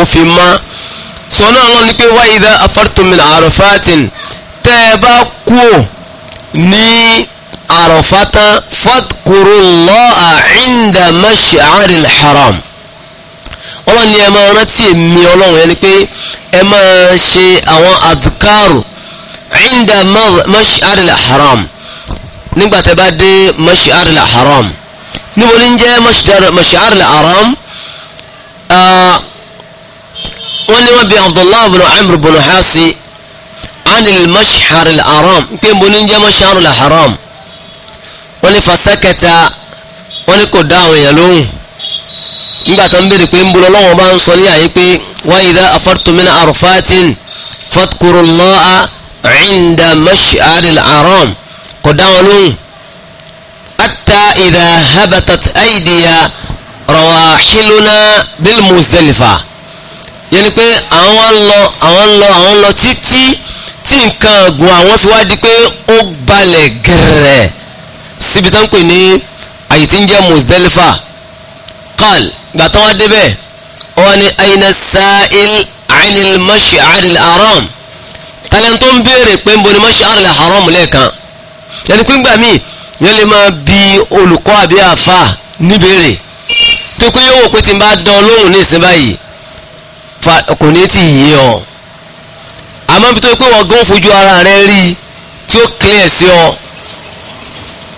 kó fi mọ́ sọ́nà ọlọ́run ni pé wa idha afartum min àròfáàtìn tẹ́ ẹ bá kú ò ní àròfátà fadkuru Allaha inda mash'aril haram ọlọ́run ni ẹ máa rántí èmi ọlọ́run yẹn ni pé ẹ máa ṣe àwọn adhkaru inda mash'aril haram nígbà tẹ́ bá dé mash'aril haram níbo ni ń jẹ́ mash'aril haram. Ah, ولي ربي عبد الله بن عمرو بن حاسي عن المشحر الحرام كم بنين جا مشحر الحرام ولي فسكت ولي كداو يلوم نبا تنبير بين بلو الله وبان صلي عليك وإذا أفرت من عرفات فاذكر الله عند مشعر الحرام قداو لون حتى إذا هبطت أيدي رواحلنا بالمزلفه yẹn ni pé àwọn wá ń lọ àwọn ń lọ àwọn ń lọ títí tí nǹkan ọ̀gùn àwọn fi wá di pé ó balẹ̀ gẹ̀rẹ̀ síbi tó ń pè ní àyè tí ń jẹ́ Muzdalifa qal gbà tán wá débẹ̀ ó wá ní aina sa'il anil mash'ar al-haram tálẹ́ tó ń béèrè pé ń bo ni mash'ar al-haram lẹ́ẹ̀kan yẹn ni pé ń gbà míì yẹn lè máa bi olùkọ́ àbí àfa níbèrè tó kó yẹ wò pé tí n bá dán lóhùn ní ìsìn báyìí kò ní ti yé ọ àmọ́ bí tó yẹ pé wọ́n gán fojú ara rẹ rí tí ó clear sí ọ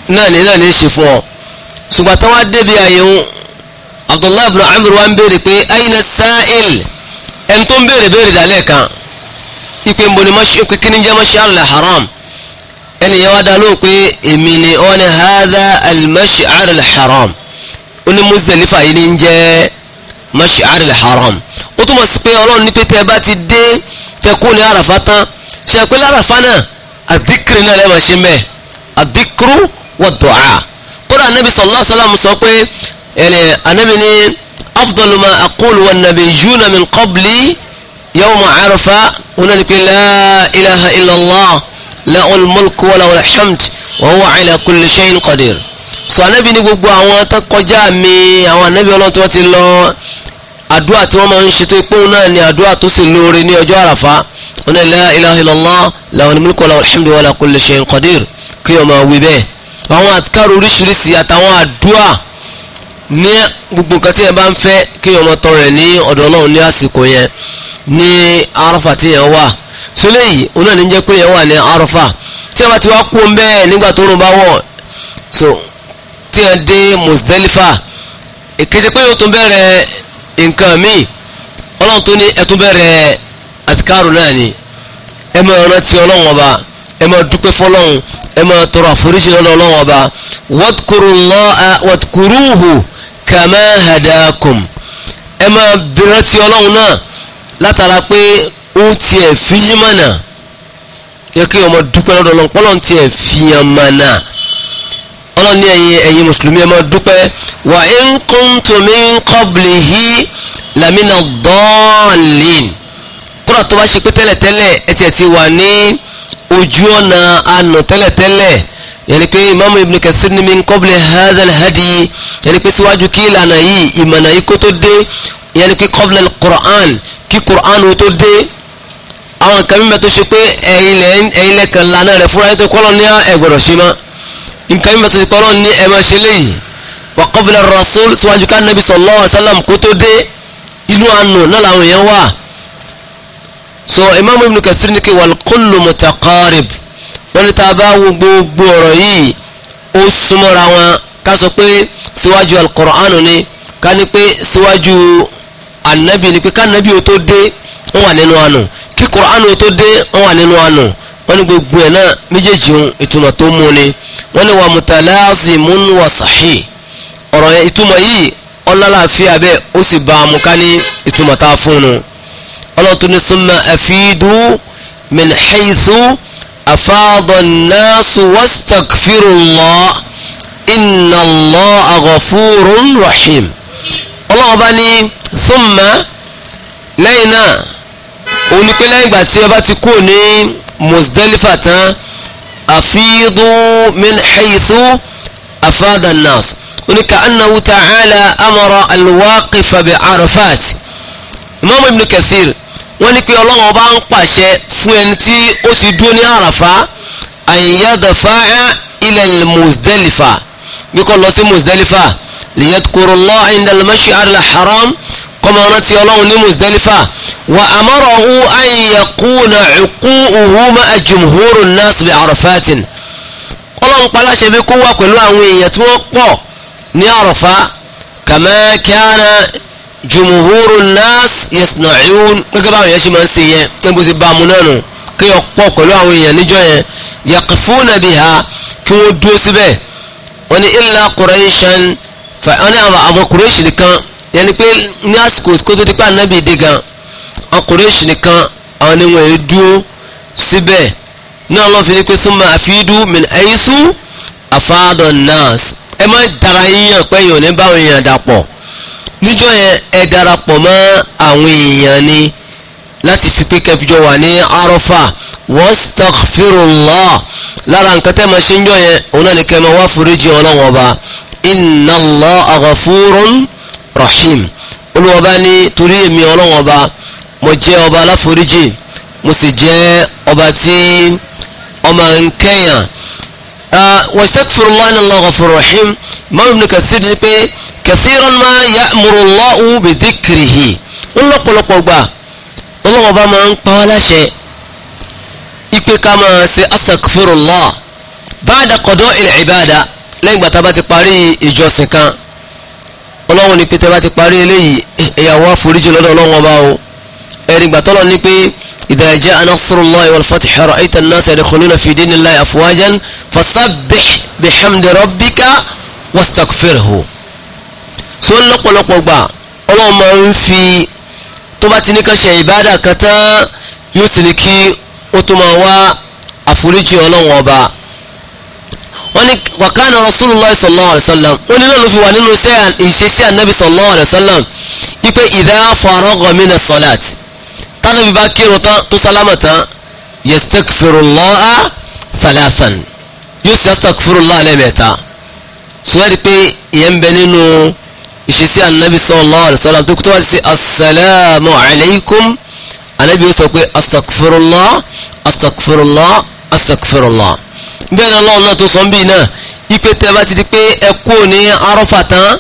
náà ní náà ní ṣe fún ọ ṣùgbọ́n tó wá débi àyẹ̀wò abdullahi ibn amr wa ń béèrè pé ayna sa'il ẹni tó ń béèrè béèrè dálẹ̀ kan ipe mbọ ni mọ́ṣẹ́ pé kíni jẹ́ mọ́ṣẹ́ àlùlẹ̀ haram ẹni yẹn wá dá lóhùn pé èmi ni ọ ni hadha al-mash'ar al-haram ó ní Muzdalifa yìí ni ń jẹ́ mash'ar al-haram ó túmọ̀ sí pé ọlọ́run ní pé tẹ bá ti dé tẹ kó ní àràfá tán ṣe pé láràfá náà àdíkiri náà lẹ́mọ̀ ṣe mẹ́ àdíkuru wà dùá kódà anabi sallallahu alayhi wa sallam sọ pé ẹnì anabi ní afdalu ma aqulu wa nabiyyuna min qabli yawma arafa ọ̀nà ni pé la ilaha illallah lahul mulku wa lahul hamd wa huwa ala kulli shay'in qadir sọ anabi ní gbogbo àwọn tó mi àwọn anabi ọlọ́run ti lọ àdúrà tí wọ́n máa ń ṣe tó pé náà ni àdúrà tó sì lóore ní ọjọ́ àràfá wọn ni la ilaha illallah lahul mulku lahul hamdu wa la kulli shay'in qadir kí wọ́n máa wí bẹ́ẹ̀ àwọn àtikárò oríṣiríṣi àtàwọn àdúrà ní gbogbo nǹkan tí yẹn bá ń fẹ́ kí wọ́n máa tọrọ ẹ̀ ní ọ̀dọ̀ Ọlọ́run ní àsìkò yẹn ní arafa tí yẹn wà tó léyìí òun náà ní jẹ́ pé yẹn wà ní arafa tí yẹn ti wá kú bẹ́ẹ̀ nígbà tó rùn bá wọ̀ tí yẹn dé Muzdalifa èkése pé yóò tún bẹ̀rẹ̀ nǹkan míì ọlọ́run tó ní ẹtún bẹ̀rẹ̀ àtikáàrò náà ni ẹ máa rántí ọlọ́run ọba ẹ máa dúpẹ́ fọlọ́run ẹ máa tọrọ àforíjì lọ́dọ̀ ọlọ́run ọba wadkurullaha wadkuruhu kama hadakum ẹ máa rántí ọlọ́run náà látara pé ó tiẹ̀ fi yín mọ̀nà yẹ kí ọmọ dúpẹ́ lọ́dọ̀ ọlọ́run pọ́lọ́n tiẹ̀ fi yín mọ̀nà ọlọ́run ní ẹ̀yin ẹ̀yin mùsùlùmí ẹ máa dúpẹ́ wa in kuntum min qablihi lamina dallin kódà tó bá ṣe pé tẹ́lẹ̀tẹ́lẹ̀ ẹ tiẹ̀ ti wà ní ojú ọ̀nà àná tẹ́lẹ̀tẹ́lẹ̀ yẹni pé imaamu ibn kassir ni min qabli hadha alhadi yẹni pé síwájú kí ìlànà yìí ìmọ̀nà yìí kó tó dé yẹni pé qabla alqur'an kí qur'an ó tó dé àwọn kan mímẹ́ tó ṣe pé ẹ̀yin lẹ́kàn lánàá rẹ̀ fúnra yẹn tó kọ́ lọ ní ah, ẹ̀gbọ̀dọ̀ ṣe máa nǹkan mímọ́ tó ti pọ́nrọ́ ní ẹ máa ṣe léyìí wa qabla rasul síwájú ká nàbí sallallahu alaihi kó tó dé inú àánú náà làwọn èèyàn wà so imam ibn kathir ní kí wal kullu mutaqarib wọ́n ní tá a bá wo gbogbo ọ̀rọ̀ yìí ó súnmọ́ra wọn ká sọ pé síwájú al-Qur'anu ni ká ní pé síwájú anabi ni pé ká anabi ó tó dé wọ́n wà nínú àánú kí Qur'anu ó tó dé wọ́n wà nínú àánú wọ́n ní gbogbo ẹ̀ náà méjèèjì ń ìtumọ̀ tó mú ni wọ́n ní wà mutalazimun wa sahih ọ̀rọ̀ yẹn ìtumọ̀ yìí ọlọ́láàfíà bẹ́ẹ̀ ó sì bá a mú ká ní ìtumọ̀ tá a fún un ọlọ́tún ní summa afidu min haythu afada an-nasu rahim ọlọ́wọ́ bá ní summa lẹ́yìn náà òun ni pé lẹ́yìn Muzdalifa tán afidu min haythu afada an-nas oníkà annahu ta'ala amara al-waqifa bi arafat imam ibn kathir wọ́n ní pé ọlọ́run ọba ń pàṣẹ fún ẹni tí ó ti dúró ní àràfá àyíyádàfáà ila al-muzdalifa bí kò muzdalifa liyadhkuru Allah inda al-mash'ar al-haram kọ́mọ rántí ọlọ́run muzdalifa. وأمره أن يكون عقوقه مع جمهور الناس بعرفات ọlọ́run paláṣẹ bí kó wá pẹ̀lú àwọn èèyàn tí wọ́n pọ̀ ní àròfá kama kana jùmùhúrù nas yasna'un gẹ́gẹ́ báwọn èèyàn ṣe máa ń ṣe yẹn kí n bó ṣe bá a mú náà nù kí wọ́n pọ̀ pẹ̀lú àwọn èèyàn níjọ́ yẹn yaqifuna biha kí wọ́n dúró síbẹ̀ wọ́n ní illa Qurayshan fa wọ́n ní àwọn Quraysh nìkan yẹn ni pé ní àsìkò kó ti pa ànábì dé gan ọkùnrin nìkan àwọn ni wọ́n yẹ dúró síbẹ̀ náà lọ́n fi ní pé súnmọ́ àfihàn min àyíṣú àfáàdọ̀ nas ẹ má dara yíyàn pé èèyàn ní báwọn èèyàn dàpọ̀ níjọ́ yẹn ẹ darapọ̀ mọ́ àwọn èèyàn ni láti fi pé kẹfìjọ wà ní arọ́fà wastaghfirullah lára nǹkan tẹ́ ma ṣe ń yẹn òun náà ni kẹ́ ma wá foríjì ọlọ́wọ́n ọba inna Allaha rahim olùwọ́ba ní torí èmi ọlọ́wọ́n ọba mo jẹ́ ọba aláforíjì mo sì jẹ́ ọba tí ọmọ nkẹ́yàn wastaghfirullahi innahu ghafurur rahim Imam Ibn Kathir ni pé kathiran ma ya'muru Allahu bi dhikrihi ń lọ́pọ̀lọpọ̀ gbà ọlọ́wọ́ bá máa ń pa wá láṣẹ ipe ká máa ṣe astaghfirullah ba'da qada'il ibada lẹ́yìn ìgbà tá a bá ti parí ìjọsìn kan ọlọ́wọ́ ni pété bá ti parí eléyìí ẹ̀yàwó àforíjì lọ́dọ̀ ọlọ́wọ́ bá o ẹ̀rí gbàtọ́lọ̀ ní pé idha jaa nasrullahi wal fath ra'ayta an-nasa yadkhuluna fi dinillahi afwajan fasabbih bihamdi rabbika wastaghfirhu. so lọ́pọ̀lọpọ̀ gbà ọlọ́run máa ń fi tó bá ti ní ká ṣe ìbádà kan tán yóò sì ní kí ó tó máa wá àforíjì ọlọ́run ọba wọ́n sallallahu alayhi wa sallam wọ́n ní náà ló fi wà nínú iṣẹ́ anabi sallallahu alayhi wa sallam ipe idha faragha mina salat tánàbí bá kírun tán tó sálámà tán yastakfirullaha thalathan yóò sì astakfirullah lẹ́mẹ̀ta sùwẹ́rì pé ìyẹn ń bẹ nínú ìṣesí anabi sallallahu alayhi wa sallam tó kú tó wá sí asalaamu alaykum anabi yóò sọ pé astakfirullah astakfirullah astakfirullah bẹ́ẹ̀ ni ọlọ́run náà tó sọ ń bì náà ipe tẹ́ bá ti di pé ẹ kú ní arọ́fà tán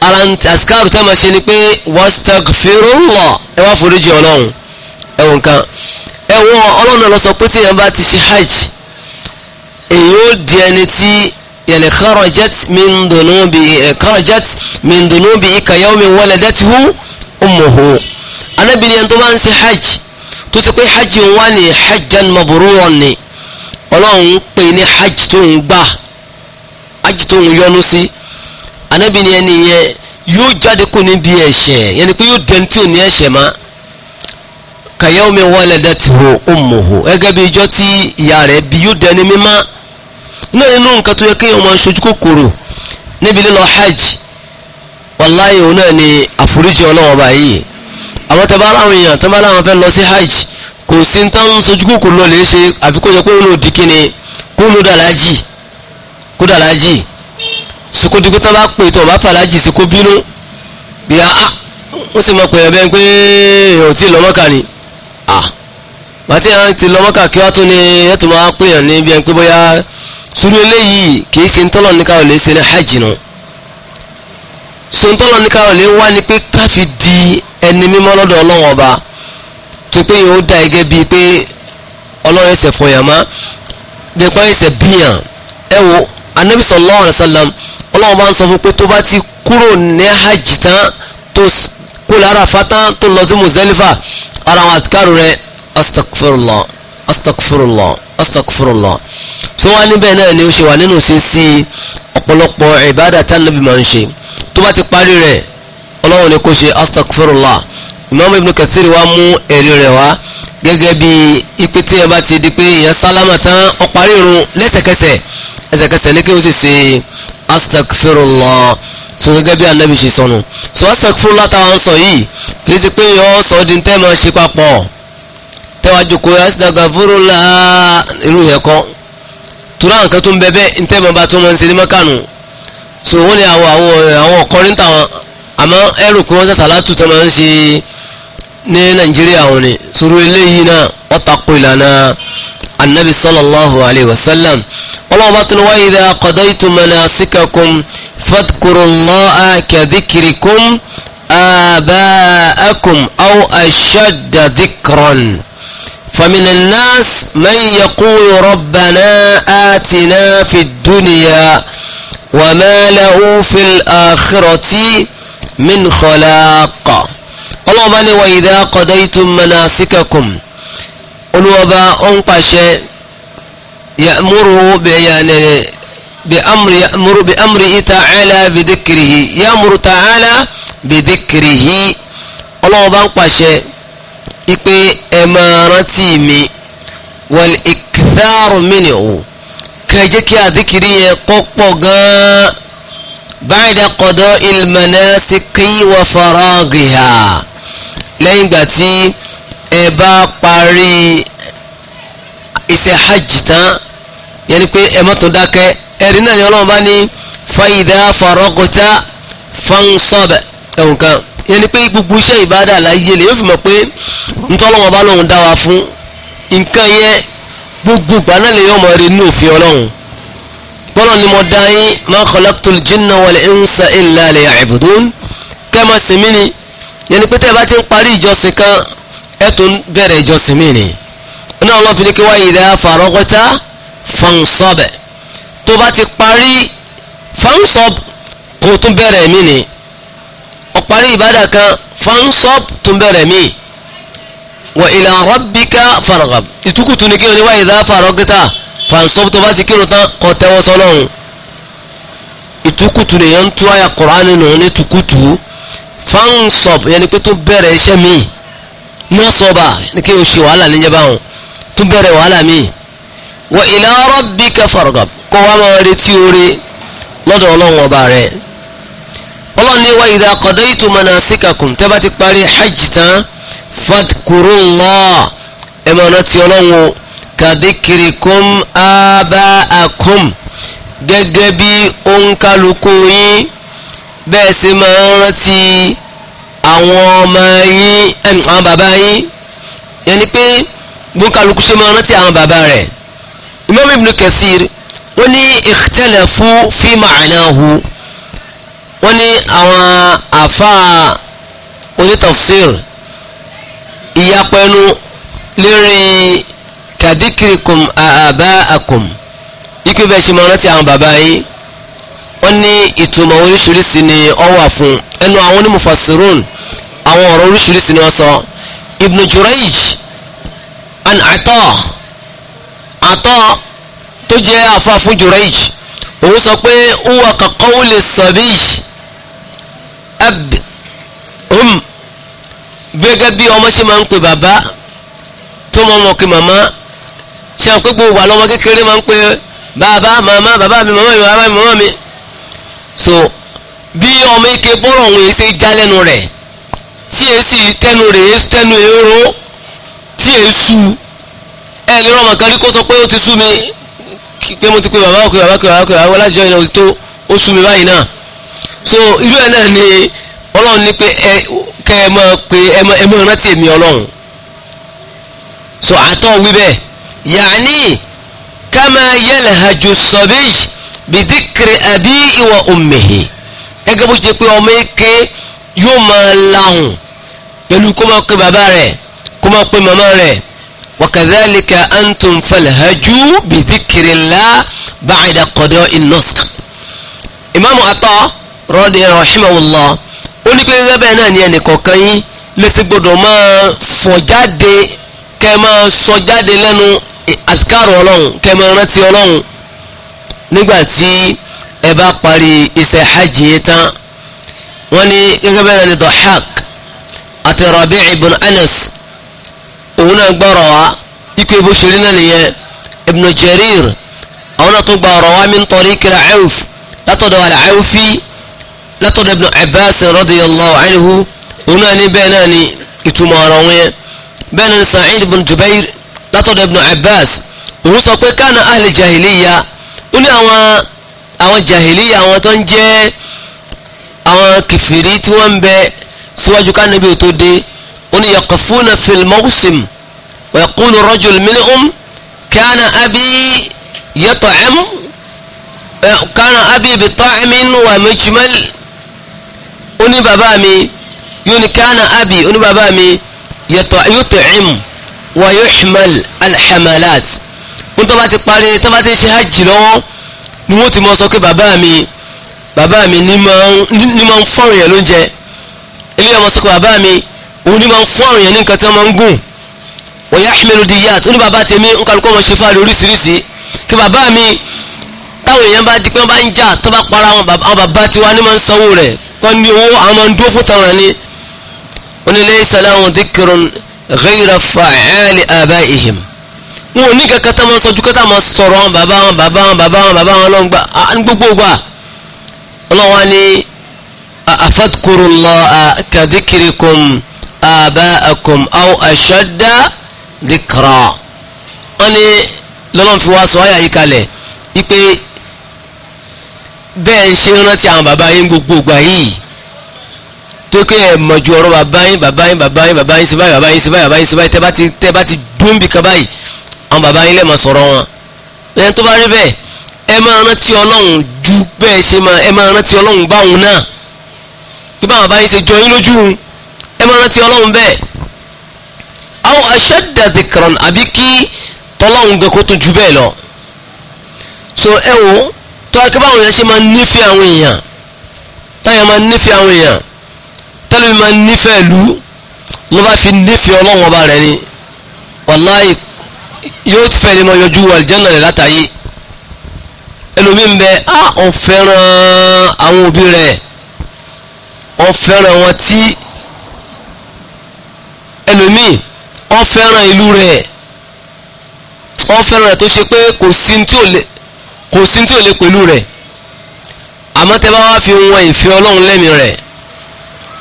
ara ń àsìkáàrù tó máa ṣe ni pé wastaghfirullah ẹ wá foríjì ọlọ́run ẹ̀wọ̀n nǹkan ẹ̀wọ̀n ọlọ́run lọ sọ pé tí èèyàn bá ti ṣe hajj èyí ó di ẹni tí yẹn kharajat min dunubihi kharajat min dunubihi ka yawmi waladathu ummuhu anábìrin yẹn tó máa ń ṣe hajj tó ṣe pé hajj ń wá ní hajjan mabruran ni ọlọ́run pè ní hajj tó ń gbà hajj tó ń yọnu sí. Si anabi ni ẹni yẹn yóò jáde kó níbi ẹ̀ṣẹ̀ yẹn ni pé yóò dẹni tí ò ní ẹ̀ṣẹ̀ mọ́ kàyọ́mi waladatuhu ummuhu ẹgẹ́ bí ijọ́ tí ìyá rẹ̀ bí yóò dẹni mímá náà nínú nǹkan tó yẹ kí ọmọ ṣojú kòkòrò níbi lílọ hajj wàláyé òun náà ni àforíjì ọlọ́wọ́ báyìí àwọn tẹ́ bá láwọn èèyàn tẹ́ bá láwọn fẹ́ lọ sí hajj kò sí ní tán kòkòrò lè ṣe àfikún yẹ kó ló di kíni kó ló dàlájì kó dàlájì sokodigbe tó bá pè tó bá fàlájì sí kó bínú bí i ah ó sì mọ pé ẹ̀bẹ̀ pé èèyàn ti lọ́mọ́kà ni ah bàtí àwọn ti lọ́mọ́kà kí wọ́n tún ní ẹ̀tọ́ máa pè yàn ní bí i pé bóyá sùúrù eléyìí kì í ṣe ntọ́lọ̀ ní káwọn lè ṣe ní hajj nù so ntọ́lọ̀ ní káwọn lè wá ni pé ká di ẹni mímọ́ lọ́dọ̀ ọlọ́wọ́n ọba tó pé yóò dá ẹgẹ́ bíi pé ọlọ́run ẹsẹ̀ fọyàmá bí i e pé ẹsẹ̀ bíyàn ẹ e wo anabi sallallahu alaihi wasallam ọlọ́run bá ń sọ fún pé tó bá ti kúrò ní hajj tán tó kó lára fatán tó lọ sí muzalifa ara àwọn àtikáàrò rẹ astagfirullah astagfirullah astagfirullah tí wọ́n á níbẹ̀ náà ni ó ṣe wà nínú sísí ọ̀pọ̀lọpọ̀ ìbádà tánàbí máa ń ṣe tó bá ti parí rẹ̀ ọlọ́run ni kò ṣe astagfirullah imam ibn kathir wa mú ẹ̀rí rẹ̀ wá gẹ́gẹ́ bí ipe tí ẹ bá ti di pé ìyẹn sálámà tán ó irun lẹ́sẹ̀kẹsẹ̀ ẹsẹ̀kẹsẹ̀ ní kí ó sì ṣe astagfirullah so gẹ́gẹ́ bí anabi ṣe sọnù so astagfirullah táwọn sọ yìí kì í ṣe pé yọ sọ di tẹ́ máa ṣe papọ̀ tẹ́wàá jókòó astagfirullah irú yẹn kọ́ tura nǹkan tó ń bẹ bẹ́ẹ̀ ntẹ́ máa bá tó máa ń ṣe ní mọ́kànù so wọ́n ní àwọn àwọn àwọn ọ̀kọ́rin táwọn àmọ́ ẹrù kí wọ́n ṣe sàlátù tó máa ń ṣe ní nàìjíríà wọn ni sòrò eléyìí náà ọ̀tàkùn ìlànà النبي صلى الله عليه وسلم والله باطل وإذا قضيتم مناسككم فاذكروا الله كذكركم آباءكم أو أشد ذكرا فمن الناس من يقول ربنا آتنا في الدنيا وما له في الآخرة من خلاق الله بني وإذا قضيتم مناسككم olùwọ́ba ó ń pàṣẹ yàmúrò bẹ̀yànẹ bẹ̀amúrò bẹ̀amúrò ta'ala bẹ̀dẹ̀kìrìhì yàmúrò ta'ala bẹ̀dẹ̀kìrìhì olùwọ́ba ń pàṣẹ ipe ẹ máa rántí mi wal iktharu minhu kẹjẹ kí àdìkìrì yẹn kó gan-an báyìí qada'i al manasiki wa faraghiha lẹ́yìn gbà ẹ bá parí iṣẹ́ hajj tán yẹni pé ẹ má tún dákẹ́ ẹ̀rí náà ni ọlọ́run bá ní fàyídà farọ́gọ́tà fansọ́bẹ̀ ẹ̀wọ̀n kan yẹni pé gbogbo iṣẹ́ ìbádà láyé lè yóò fi mọ̀ pé ntọ́lọ́wọ́n bá lòun dá wa fún nǹkan yẹn gbogbo ìgbà náà lè yọ ọmọ rẹ ní òfin ọlọ́run bọ́lọ̀ ni mo dá yín ma khalaqtul jinna wal insa illa liya'budun tẹ́ mọ̀ sí mí ni yẹni pé tẹ́ bá ti ń parí ìjọsìn kan ẹ tó ń bẹ̀rẹ̀ ìjọsìn mí ni náà Allah fi ní kí wa idha faragta fansab tó bá ti parí fansab kò tún bẹ̀rẹ̀ mí ni ó parí ìbádà kan fansab tún bẹ̀rẹ̀ mí wa ila rabbika farghab ìtukùtù ní kí ni wa idha faragta fansab tó bá ti kírun tán kọ́ tẹ́wọ́ sọ́lọ́run ìtukùtù nìyẹn ń tú àyà Kùránì ní tukutu fansab yẹn ni pé tó bẹ̀rẹ̀ iṣẹ́ míì mọ́sọ̀bà ní kí o ṣe wàhálà níjẹ́ báwọn tún bẹ̀rẹ̀ wàhálà míì wa ila rabbika farghab kọ́ wa máa retí oore lọ́dọ̀ ọlọ́run ọba rẹ̀ ọlọ́run ní wa idha qadaytu manasikakum tẹ́ bá ti parí hajj tán fadkurullah ẹ máa rántí ọlọ́run o kadhikrikum aba'akum gẹ́gẹ́ bí òǹkálukú yín bẹ́ẹ̀ sì máa rántí àwọn ọmọ yín àwọn bàbá yín yẹn ni pé gbókàlùkù ṣe máa rántí àwọn bàbá rẹ̀ Imam Ibn Kathir wọ́n ní ikhtalafu fi ma'nahu wọ́n ní àwọn àfa onítafsir ìyapẹnu lérí kadikirikum àbá akum ikú bẹ́ẹ̀ ṣe máa rántí àwọn bàbá yín wọ́n ní ìtumọ̀ oríṣiríṣi ni ó wà fún ẹnu àwọn onímọ̀fàṣirún àwọn ọ̀rọ̀ oríṣiríṣi ni wọ́n sọ Ibn Jurayj an Ata Ata tó jẹ́ afa fún Jurayj òun sọ pé huwa ka qawli sabiy ab um gẹ́gẹ́ bí ọmọ ṣe máa ń pè bàbá tó mọ ọmọ kí màmá ṣe àwọn pé gbogbo àlọ́mọ kékeré máa ń pè bàbá màmá bàbá mi màmá mi màmá mi so bí ọmọ ike bọ́rọ̀ òun èsì já lẹ́nu rẹ̀ tí èsì tẹnu rẹ̀ tẹnu èrò tí èsù ẹ lè rọmọ kan rí kó sọ pé ó ti sú mi pé mo ti pe bàbá òkè bàbá òkè bàbá òkè bàbá lájọ ìnáwó tó ó sú mi báyìí náà so irú ẹ náà ni ọlọ́run ní pé ẹ kẹ ẹ mọ pé ẹ mọ ẹ mọ rántí èmi ọlọ́run so àtọ̀ wí bẹ́ẹ̀ yàní kama yalhaju sabi bidik zikiri àbí ìwà òmìnir gẹ́gẹ́ bó ṣe pé ọmọ eke yóò máa lahùn pẹ̀lú kó máa pe bàbá rẹ̀ kó máa pe màmá rẹ̀ wakadhalika antum falhaju bi zikiri la ba'da qada in-nusq ìmáàmù Atá rọ́ọ̀dì rahimahullah ó ní pé gẹ́gẹ́ bẹ́ẹ̀ náà ni ẹnìkọ̀ọ̀kan yín lẹ́sìn gbọ́dọ̀ máa fọ̀ jáde máa sọ jáde àtikárò ọlọ́run kẹ́ máa rántí ọlọ́run nígbà tí ẹ bá parí iṣẹ́ hajj yìí tán wọ́n ní gẹ́gẹ́ bẹ́ẹ̀ ni Dhahhak àti Rabi' ibn Anas òun náà gbọ́rọ̀ wá ikú ebó ṣe rí náà nìyẹn Ibn Jarir àwọn náà tún gba ọ̀rọ̀ wá min tariq al-Awf látọ̀dọ̀ al-Awfi látọ̀dọ̀ Ibn Abbas radiyallahu anhu òun náà ní bẹ́ẹ̀ náà ni ìtumọ̀ ọ̀rọ̀ wọn yẹn náà ni Sa'id ibn Jubair látọ̀dọ̀ Ibn Abbas òun sọ pé kana ahli jahiliya ó ní àwọn àwọn jahiliya àwọn tó ń jẹ́ àwọn kìfìrí tí wọ́n ń bẹ síwájú ká nàbí tó dé ó ní yaqafuna fil mawsim wa yaqulu rajul minhum kana abi yat'am kana abi bi ta'min wa mujmal ó ní bàbá mi yóò ní kana abi ó bàbá mi yat'am wa yuhmal alhamalat ó ní tó bá ti parí tó bá ti ṣe hajj lọ́wọ́ ni wọ́n ti mọ sọ pé bàbá mi bàbá mi ní máa ń fọ́ọ̀rùn yẹn lóúnjẹ ilé ọmọ sọ pé bàbá mi òun ní máa ń fọ́ọ̀rùn yẹn ní nǹkan tí wọ́n máa ń gùn wọ́n yá ìmẹ́lò di yá tó ní bàbá tèmi ń kálukọ́ ọmọ ṣe fáàrí oríṣiríṣi kí bàbá mi táwọn èèyàn bá di bá ń jà tó bá para àwọn bàbá tiwa ní máa ń sanwó rẹ̀ kọ́ ní owó àwọn máa ń dúró fún tàwọn ni onílé ìsàlẹ̀ àwọn dhikrun ghayra wọn ò ní kankan tó máa sọjú kọ́tà máa sọ̀rọ̀ àwọn bàbá wọn bàbá wọn bàbá wọn bàbá wọn lọ́ngbà gbogbo gbà ọlọ́wọ́n ni afadkurullaha kadhikrikum aba'akum aw ashadda dhikra wọn ni lọ́lọ́n sọ ayà yìí ipe bẹ́ẹ̀ ń ṣe rántí àwọn bàbá yín gbogbo gbà yìí tókè ẹ mọ̀jú ọ̀rọ̀ bàbá yín bàbá yín bàbá yín bàbá yín bàbá yín síbáyìí bàbá yín síbáyìí tẹ́ bá ti dún bìkan báyìí àwọn bàbá yín lè máa sọ̀rọ̀ wọn ẹni tó bá rí bẹ́ẹ̀ ẹ máa rántí ọlọ́run ju bẹ́ẹ̀ ṣe máa ẹ máa rántí ọlọ́run báwọn náà bí báwọn bàbá yín ṣe jọ yín lójú ẹ máa rántí ọlọ́run bẹ́ẹ̀ àwọn ashadda dhikran àbí kí tọ́lọ́run gan kó tó ju bẹ́ẹ̀ lọ so ẹ wo tó akẹ́ báwọn yẹn ṣe máa nífẹ̀ẹ́ àwọn èèyàn táyà máa nífẹ̀ẹ́ àwọn èèyàn tẹ́lẹ̀ máa nífẹ̀ẹ́ lù ló bá fi nífẹ̀ẹ́ ọlọ́run ọba rẹ̀ ni wàláyé yóò fẹ́ lè mọ yọjú àlìjánà rẹ̀ látàyè ẹlòmí ń bẹ á ọ̀fẹ́ràn àwọn òbí rẹ̀ ọ̀fẹ́ràn wọn tí ẹlòmí ọ̀fẹ́ràn ìlú rẹ̀ ọ̀fẹ́ràn rẹ̀ tó ṣe pé kò sí tí ò lè kò sí tí ò lè pẹ̀lú rẹ̀ àmọ́ tẹ́ bá wá fi wọn ìfẹ́ ọlọ́run lẹ́mìí rẹ̀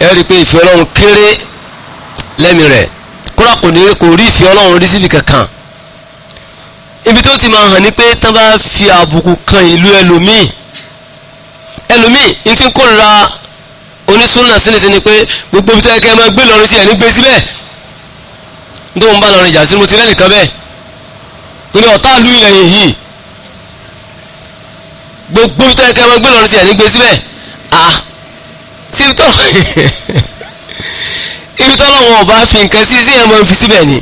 ẹ rí i pé ìfẹ́ ọlọ́run kéré lẹ́mìí rẹ̀ kúrò kò ní kò rí ìfẹ́ ọlọ́run rí síbi kankan ibi tó ti máa hàn ní pé tán bá fi àbùkù kan ìlú ẹlòmíì ẹlòmíì ní tí ń kórira onísúnà sínisí ni pé gbogbo ibi tó yẹ kẹ́ máa gbé lọ́rin sí ẹ̀ ní gbé síbẹ̀ ní tó ń bá lọ́rin ìjà sí mo ti rẹ́ nìkan bẹ́ẹ̀ ní ọ̀tá ìlú ilẹ̀ yìí gbogbo ibi tó yẹ kẹ́ máa gbé lọ́rin sí ẹ̀ ní gbé síbẹ̀ ah sí ibi tó ibi tó lọ́wọ́ ọba fi nǹkan sí sí ẹ̀ máa fi síbẹ̀ ni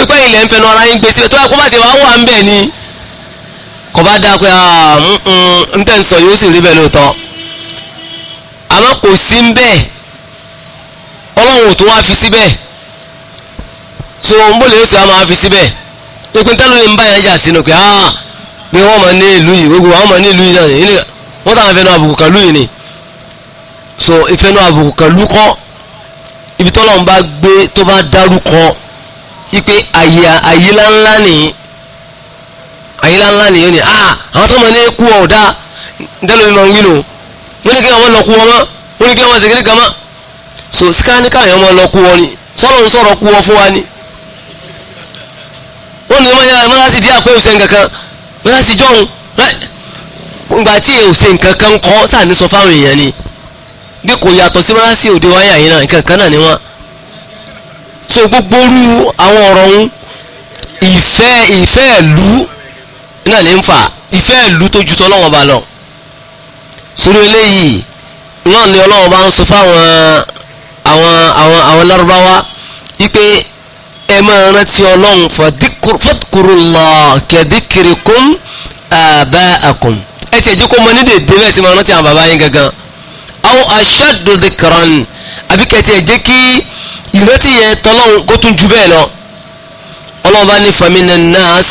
pípẹ́ ilẹ̀ ń fẹnu ara yín gbèsè tó yẹ kó bá ṣe wá wà ń bẹ̀ ni kò bá dáa pé n tẹ́ ń sọ yóò sì rí bẹ́ẹ̀ lóòótọ́ àmọ́ kò sí ń bẹ́ẹ̀ ọlọ́run ò tún wá fi síbẹ̀ so n bò lè yóò sì wá máa fi síbẹ̀ ìpín tẹ́lu ni ń bá yẹn yà sínú pé pé wọ́n mọ̀ ní ìlú yìí gbogbo àwọn mọ̀ ní ìlú yìí náà yìí wọ́n sàn fẹ́nu àbùkù kan lù yìí ni so ìfẹ́nu àbùkù kan lù kọ́ ibi tọ́lọ́run bá gbé tó bá dárúkọ ipe àyè àyílá ńlá nìyí àyílá ńlá nìyí ó ní à ah, àwọn tó máa ní kú ọ̀dá ntẹ́lẹ̀ mi máa ń wí nù wọ́n kí wọ́n lọ kú wọn mọ́ wọ́n ní kí wọ́n segin kan mọ́ so sikanika yẹn máa lọ kú wọn ni sọ́rọ̀ ń sọ̀rọ̀ kú wọn fún wa ni wọ́n ní wọ́n yára mọ́lásì díà pé òsè nkankan mọ́lásì jọ̀hún ngbà tí òsè nkankan kọ́ sáà ní sọ fáwọn èèyàn ni bí kò yàtọ̀ sí mọ́lásì òde wáyà yìí náà nkankan náà ni wọ́n so gbogbo irú àwọn ọ̀rọ̀ ń ìfẹ́ ìfẹ́ ìlú náà ní ń fà ìfẹ́ ìlú tó ju tọ́lọ́wọ́n ba lọ sórí eléyìí náà ni ọlọ́wọ́n bá ń sọ fáwọn àwọn àwọn àwọn lárúbáwá wípé ẹ máa rántí ọlọ́run fadkurullah kadikirikum abaakum ẹ tẹ̀ jẹ́ kó mọ ní dèdè bẹ́ẹ̀ sì máa rántí àwọn bàbá yín gangan aw ashaddu dhikran àbíkẹ́ tẹ̀ jẹ́ kí ìrètí yẹn tọ́lọ́run kó tún ju bẹ́ẹ̀ lọ ọlọ́run ní famina nas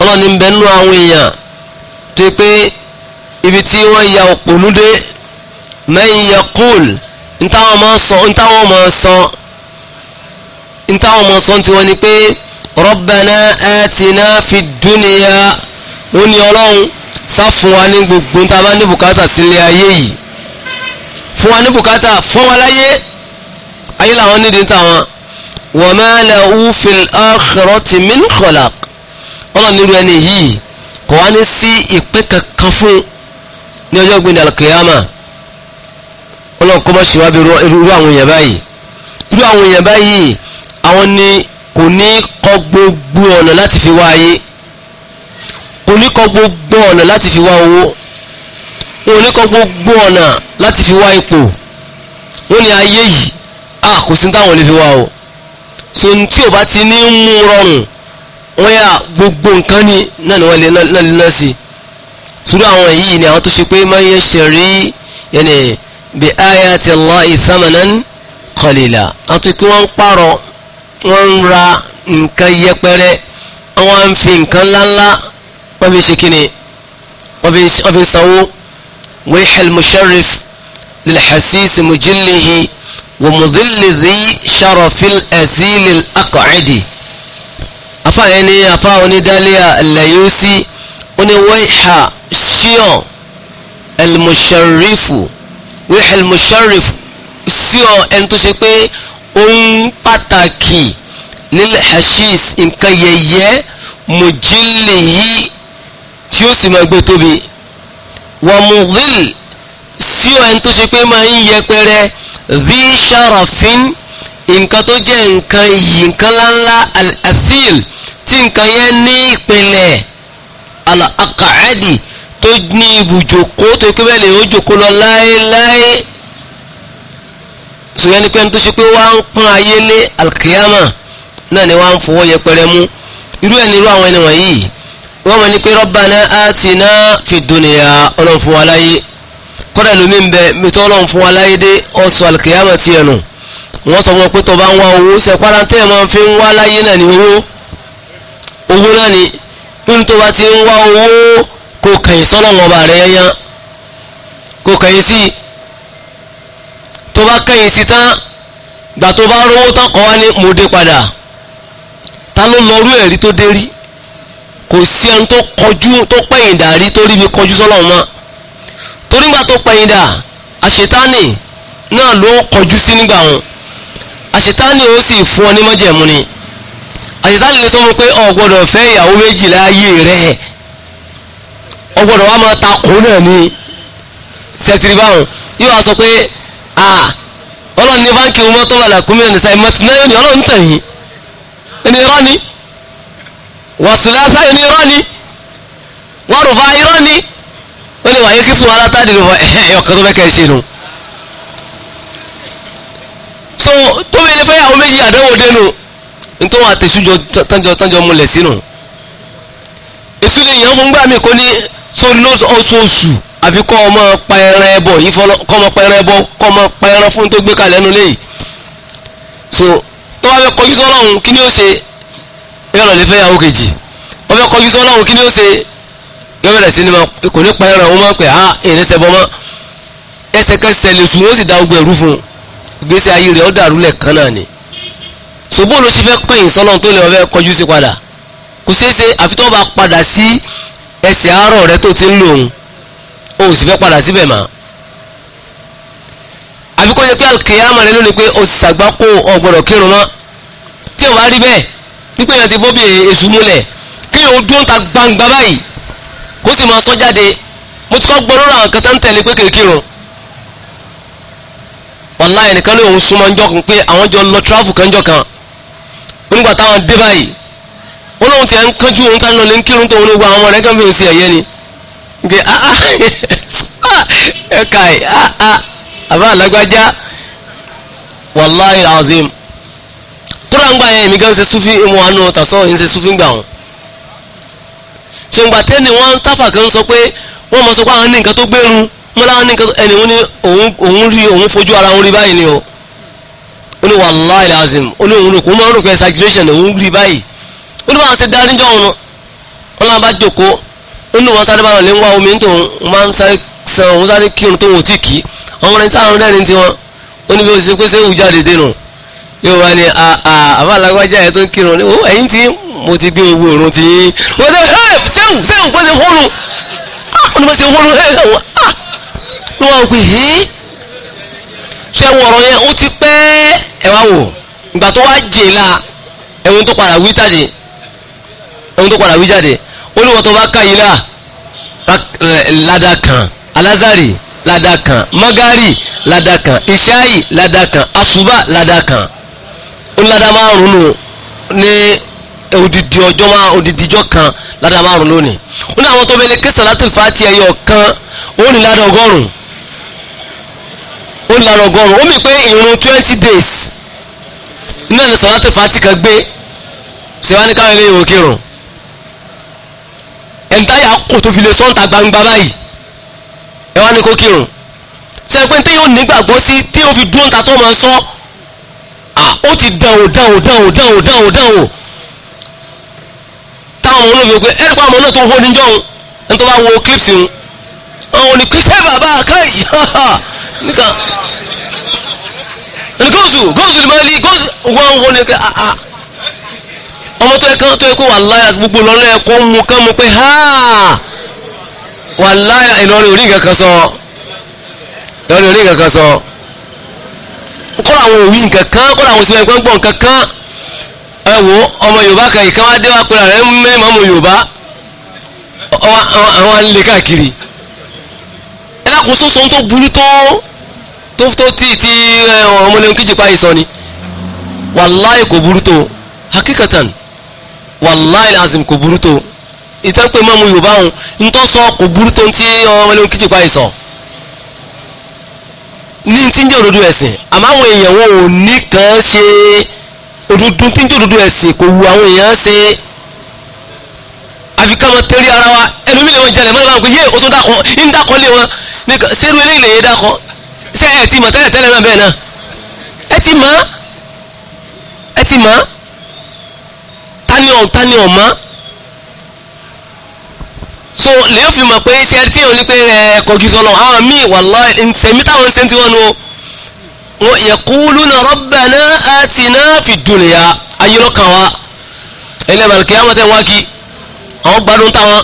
ọlọ́run ní bẹ́ẹ̀ nú àwọn èèyàn tó yẹ pé ibi tí wọ́n ya òpònú dé mẹ́yìn yẹ kúl ntáwọn máa sọ ntáwọn máa sọ ntáwọn máa sọ tí wọ́n ní pé rabbana atina fid dunya wọ́n ní ọlọ́run sá fún wa ní gbogbo tá ní bùkátà sílé ayé yìí fún wa ní bùkátà fún wa láyé ayé làwọn nídìí táwọn wa ma lahu fil akhirati min khalaq ọlọ́run nírú ẹni yìí kò wá ní sí ìpín kankan fún ní ọjọ́ gbẹ̀dẹ̀ alkiyama ọlọ́run kọ́ mọ́ ṣèwádìí irú àwọn èèyàn báyìí irú àwọn èèyàn báyìí àwọn ni kò ní kọ gbogbo ọ̀nà láti fi wá ayé kò ní kọ gbogbo ọ̀nà láti fi wá owó wọn ò ní kọ gbogbo ọ̀nà láti fi wá ipò wọn ni ayé yìí a ah, kò sí táwọn olè fi wá o so ní tí o bá ti ní mú rọrùn wọ́n yà gbogbo nǹkan ni náà ni wọ́n lè náà lè náà sí sùúrù àwọn yìí ni àwọn tó ṣe pé máa ń yẹ ṣẹ̀rí yẹnì bí ayati Allahi thamanan qalila àwọn tó kí wọ́n ń pààrọ̀ wọ́n ń ra nǹkan yẹpẹrẹ wọ́n ń fi nǹkan ńláńlá wọ́n fi ṣe kíni wọ́n fi sanwó wíhẹ̀l musharrif lil hasis mujillihi wòmùdílì dí sharafil ẹ̀sílì akọ̀ẹ́dì afáyẹ ní afá onídàlíà lẹ́yọ́sí oníwẹ́hà síọ̀ ẹlmùsẹ̀rífù wẹ́hà ẹlmùsẹ̀rífù síọ̀ ẹni tó ṣe pé ohun pàtàkì nílẹ̀ hashish nǹkan yẹyẹ mùjílì yìí tí ó sì máa gbé tóbi wàmùdílì síọ̀ ẹni tó ṣe pé máa ń yẹpẹrẹ dhi sharafin nǹkan tó jẹ́ nǹkan iyì nǹkan láńlá al-athil tí nǹkan yẹn ní ìpìlẹ̀ al-aq'adi tó ní ibùjòkó tó kí bẹ́ẹ̀ lè ó jòkó lọ láéláé sùgbọ́n ní pẹ́ni tó ṣe pé wá ń pọ́n ayé lé al-qiyama náà ni wá ń fọwọ́ yẹpẹrẹ mú irú ẹni irú àwọn ẹni wọ̀nyí wọ́n mọ̀ ní pé rabbana atina fid dunya ọlọ́run fún wa láyé kọ́dà lómi ń bẹ mẹtọ́ ọlọ́run fún wa láyé dé ọ̀sọ̀ àlùkìyàmọ̀ tiẹ̀ nù wọ́n sọ fún ọ pé tó bá ń wá owó sẹ́pàrà tẹ́ ẹ̀ máa fi ń wá láyé náà ní owó owó náà ni ń tó bá ti ń wá owó kò kẹ̀yìn sọ́lọ́wọ́n ọba rẹ̀ yẹn kò kẹ̀yìn sí tó bá kẹ̀yìn sí tán gbà tó bá rówó tán kọ́ ni mo dé padà ta ló lọ rú ẹ̀rí tó dé rí kò sí ẹni tó kọjú tó pẹ̀yìn dàrí tó rí mi kọjú sọ́lọ́wọ́n mọ́ torí ńgbà tó pẹ̀yìndà àṣetánì náà ló kọjú sí nígbà wọn àṣetánì ó sì fún ọ ní májẹ̀mú ni àṣetánì lè sọ fún pé o gbọ́dọ̀ fẹ́ ìyàwó méjì láyé rẹ̀ o gbọ́dọ̀ wá máa takò náà ni sẹ́tìrì báwọn yóò wá sọ pé à ọlọ́run ní báńkì wọn tó wà lákùnmí ọ̀nà sáyẹn mọ́sílẹ́yìn ni ọlọ́run tàn yín ẹni irọ́ ni wàsílẹ́sẹ̀ ẹni irọ́ ni wàrùbá irọ́ ni ó lè wà ní fífún alátàdínlọ́wọ́ ẹ̀hẹ́ ọ̀kan tó fẹ́ kẹ́ ṣe nù so tóbi ní fẹ́ àwọn méjì àdánwò dénú nítorí àtẹ̀sùjọ tánjọ tánjọ múlẹ̀ sínú èso lè yàn fún gbàmí kò ní so lóṣooṣù àfi kọ́ ọmọ pẹ̀rẹ̀ ẹbọ yìí fọlọ́ kọ́ ọmọ pẹ̀rẹ̀ ẹbọ kọ́ ọmọ pẹ̀rẹ̀ fún tó gbé kalẹ̀ ẹnu léyìí so tó bá fẹ́ kọjú sọ́lọ́hún kí ni ó ṣe yọ̀rọ̀ lè fẹ́ yàwó kejì wọ́n fẹ́ kọjú sọ́lọ́hún kí ni ó ṣe yóò bẹ̀rẹ̀ sí ni ma kò ní pa ẹran òun máa pẹ̀ ah èyí ní sẹ́bọ̀ mọ́ ẹsẹ̀kẹsẹ̀ lè sùn ó sì da ogun ẹ̀rú fún un gbèsè ayé rẹ̀ ó dàrú lẹ̀ kan náà ni ṣùgbọ́n ló sì fẹ́ pè é sọ́nà tó lè wọ́n fẹ́ kọjú sí padà kò ṣeé ṣe àfi tó bá padà sí ẹsẹ̀ àárọ̀ rẹ tó ti ń lò ó sì fẹ́ padà síbẹ̀ mọ́ àfi kó ṣe pé kìyàmà rẹ lónìí pé o sì ṣàgbákò ọ̀gbọ̀dọ̀ kírun mọ́ tí ò bá rí bẹ́ẹ̀ nígbà yẹn ti bó bí èṣù múlẹ̀ kéèyàn dún ta gbangba báyìí kó sì máa sọ jáde mo ti kọ́ gbọ́ lórí àwọn kan tó ń tẹ̀lé pé kékeré wàláhì ẹnìkan lóun súnmọ́ njọ́ kan pé àwọn jọ lọ tíráfù kan jọ kan onígbà táwọn dé báyìí ó lóun tiẹ̀ ń kánjú òun tá kírun tó gba àwọn kan fi hàn sí ẹ̀yẹ ni nke azim gan ṣe ń ṣe gbà ṣùgbọ́n tẹ́ni wọ́n ń táfà kan sọ pé wọ́n mọ̀ sọ pé àwọn ní nǹkan tó gbẹ́rù wọ́n láwọn ní nǹkan ẹni wọ́n ní òun rí òun fojú ara òun rí báyìí ni o ó ní wàláì làzìm ó ní òun rò kó mọ́ rò pé exaggeration òun rí báyìí ó ní báwọn ṣe darí jọ òun wọn láwọn bá jòkó ó ní wọn sáré báwọn lè ń wá omi ń tòun wọn máa ń sáré san òun sáré kírun tó wò tí kì í àwọn ọmọ sáà ń rẹ́rìn tiwọn ó ní bí ó ṣe pé ṣé òun jáde dénú yóò wá ní àbá alágbájá tó ń kírun ó ẹ̀yìn tí mo ti gbé owó òrùn tí yín wọ́n sọ sẹ́rù sẹ́rù bó ṣe ah, ọ̀nà bó ṣe hólu ẹ̀rọ ah. wọ́n wá gbé hẹ́ ṣe wọ ọ̀rọ̀ yẹn ó ti pẹ́ ẹ wá wò ìgbà tó wá jè la ẹ̀wọ̀n tó padà wí jáde ẹ̀wọ̀n tó padà wí jáde olùwọ́ tó bá ká yìí la ladakan alazari ladakan magari ladakan ishai ladakan asuba ladakan ó ládàá márùn-ún ní odidi ọjọ́ máa odidi ọjọ́ kan ládàá márùn lónìí ó ní àwọn tó bẹ sàlátì fàtì ẹyọ kan ó ní ládàá ọgọ́rùn ó ní ládàá ọgọ́rùn ó mì pé ìrun twenty days náà ni sàlátì fàtì kan gbé ṣèwá ní káwọn eléyìí òkè rùn ẹ̀ńtáyà kò tó fi lè sọ́ǹtà gbangba báyìí ẹ wá ní kó kírun ṣe é pé tí yóò nígbàgbọ́ sí tí yóò fi dúró ta tó máa sọ ó ti dán o dán o dán o àwọn ọmọ olóògbé pé ẹ̀rì pa àwọn ọmọ náà tó ń hó níjọ́ òun ẹni tó bá wo clips òun àwọn olùkírísì ẹ̀ bàbá káì nìkan góòsù góòsù lè máa lè góòsù wọ́n ń hó ní ẹ̀kẹ́ àà ọmọ tó ẹ̀kan tó ẹ̀kọ́ wà láyà gbogbo lọ́nà ẹ̀kọ́ mu kán mu pé ha wà láyà Ìlọrin orí nǹkan kan sọ Ìlọrin orí nǹkan kan sọ kọ́ra àwọn òwì nǹkan kan kọ́ra àwọn òsì ẹ wo ọmọ yorùbá kan ìkan wá dé wá pé rẹ ń mẹ́rin yorùbá àwọn alẹ́ káàkiri ẹ dákun tó burú tó tó tó tí tí ọmọlẹ́hún pa ìsọ ni wàláì kò burú tó hakikatan wàláì lazim kò burú tó ìtàn pé mọ́mú yorùbá òun ń tọ́ sọ kò burú tó tí ọmọlẹ́hún kìjì pa ìsọ ní ti ń jẹ́ òdodo ẹ̀sìn àmọ́ àwọn èèyàn wọn ò ní kàn ṣe é òdodo tí ń jẹ́ òdodo ẹ̀sìn kò wu àwọn èèyàn ṣe àfi ká máa tẹ́rí ara wa ẹlòmíì wọn jalè mọ́ra báwọn pé yé o tún dákọ̀ ń dákọ̀ lé wọn nìkan sẹ́rù eléyìí lè yé dákọ̀ ṣé ẹ ti mọ̀ tẹ́lẹ̀ tẹ́lẹ̀ náà bẹ́ẹ̀ náà ẹ ti mọ̀ ẹ ti mọ̀ tani ọ̀ tani ọ̀ mọ́ so lèyìn fi mọ̀ pé ṣe ẹ ti hàn ní pé ẹ kọjú sọlọ àwọn míì wàlláhì ntẹ̀mí ṣe ń tiwọn nu o yaquluna rabbana atina fid dunya ayélọ́kàn wa ẹlẹ́ màlìkì àwọn tẹ̀ wá kí àwọn gbádùn táwọn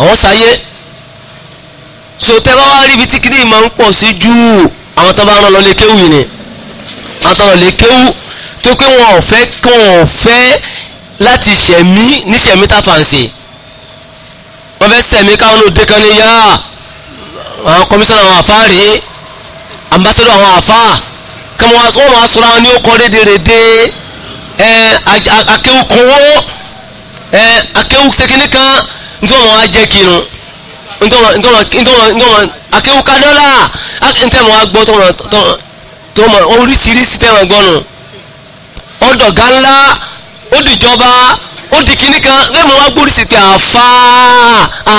àwọn sáyé so tẹ́ bá wá rí ibi tí kìíní máa ń pọ̀ sí jù àwọn tó bá rán lọ lè kéwù yìí ni àwọn tó rán lè kéwù tó pé wọn ò fẹ́ kí wọn ò fẹ́ láti ṣẹ̀mí ní ṣẹ̀mí tàtọ̀ à ń ṣe wọ́n fẹ́ ṣẹ̀mí káwọn ló dé kan ní yá àwọn kọmíṣánná àwọn àfáà ambassador àwọn àfáà kàmú wọn wọn sọ̀rọ̀ àwọn ní ó kọ́ rédèrèdè ẹ akéwù kọ́wọ́ ẹ akéwù sekínì kan nítorí wọn á jẹ́ kinu nítorí nítorí nítorí akéwù kanọ́là nítorí wọn á gbọ́ tó wọn oríṣiríṣi tẹ́ wọn gbọ́ nù ọ̀dọ̀ gánlá ó dìjọba ó di kinní kan bẹ́ẹ̀ mo wá gbóríṣi pé àfáà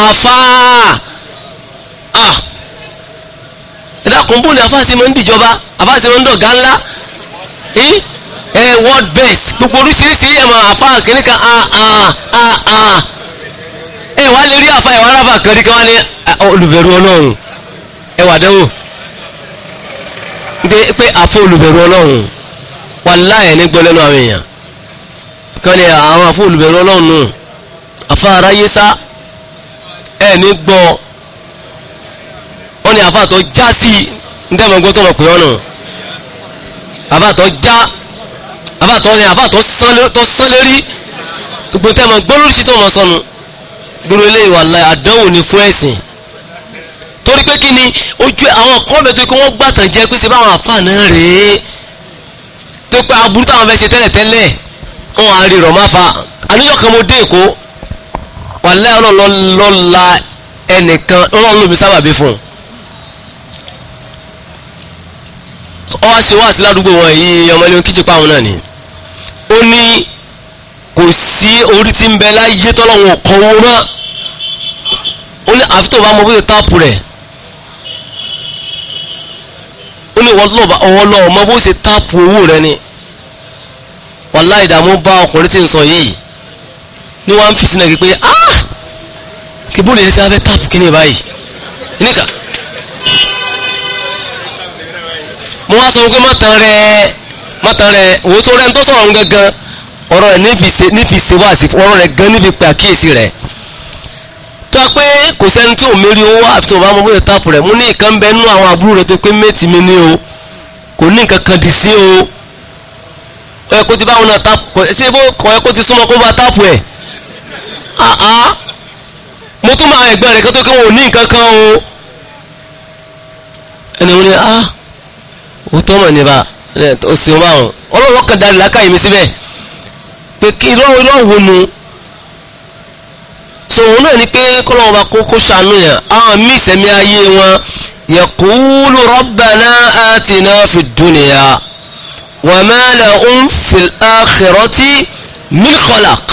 àfáà ah ẹ̀dàkùn bóòlù afáàsì máa ń dìjọba afáàsì máa ń dọ̀gá ńlá ẹ world best gbogbo oríṣiríṣi ẹ̀mọ̀ afá a ẹ wà lè rí afá ìwà arábà kan rí kan wá ní olùbẹ̀rù ọlọ́run ẹ wà dẹ́wò pé afọ olùbẹ̀rù ọlọ́run wà láyẹ̀ ní gbọ́lẹ́nu àwọn èèyàn kan ní àwọn afọ olùbẹ̀rù ọlọ́run nù afá aráyé sá ẹ ní gbọ́ wọ́n ní àfàtọ́ já sí ntẹ́mọ̀ gbọ́ tó mọ̀ pé ọ̀nà àfàtọ́ já àfàtọ́ ní àfàtọ́ tó sán lérí gbogbo tẹ́mọ̀ gbólóríṣi tó mọ̀ sọnù gbólórí ilé ìwà àdánwò ni fún ẹ̀sìn torí pé kí ni ojú àwọn kọ́ọ̀bẹ̀ tó kí wọ́n gbàtàn jẹ́ pé ṣe báwọn àfà náà rèé tó pé aburú táwọn fẹ́ ṣe tẹ́lẹ̀tẹ́lẹ̀ wọn á rí rọ̀ má kan mo dé èkó ọwọ́ ṣe wá sí ládùúgbò wọn èyí ọmọlé kíjìpá àwọn náà ni ó ní kò sí orí tí ń bẹ láyé tọ́lọ́wọ̀n kọ́ owó mọ́ ó ní àfi tó bá mọ bóyá táàpù rẹ̀ ó ní ọwọ́ lọ ọmọ bó ṣe táàpù owó rẹ̀ ni wàlá ìdààmú bá ọkùnrin tí ń sọ yìí ní wọ́n á fi kí pé ah kí bóòlù yẹn ti á fẹ́ táàpù kí ni báyìí níkà mo wá sọ wípé mọ́tàn rẹ̀ mọ́tàn rẹ̀ wò ó tó rẹ̀ ń tó sọ̀rọ̀ ń gangan ọ̀rọ̀ rẹ nífi ṣe wá sí ọ̀rọ̀ gan nífi pe àkíyèsí rẹ̀ tó a pé kò sẹ́ni tí ò mérí owó àti tó bá mọ bóyá táàpù rẹ̀ mo ní nǹkan nú àwọn àbúrò tó pé mi ní o kò ní nǹkan kan dì sí o kó ti náà táàpù kó ti súnmọ́ kó ó tó mọ̀ nípa ó sì ń bá wọn ọlọ́run kan darí lákàyè mi síbẹ̀ pé kí irọ́ irọ́ wo nu so òun náà ni pé kọ́lọ́wọ́n bá kó kó ṣàánú yẹn àwọn míì sẹ́mi ayé wọn yaqulu rabbana atina fid dunya wa ma lahum fil akhirati min khalaq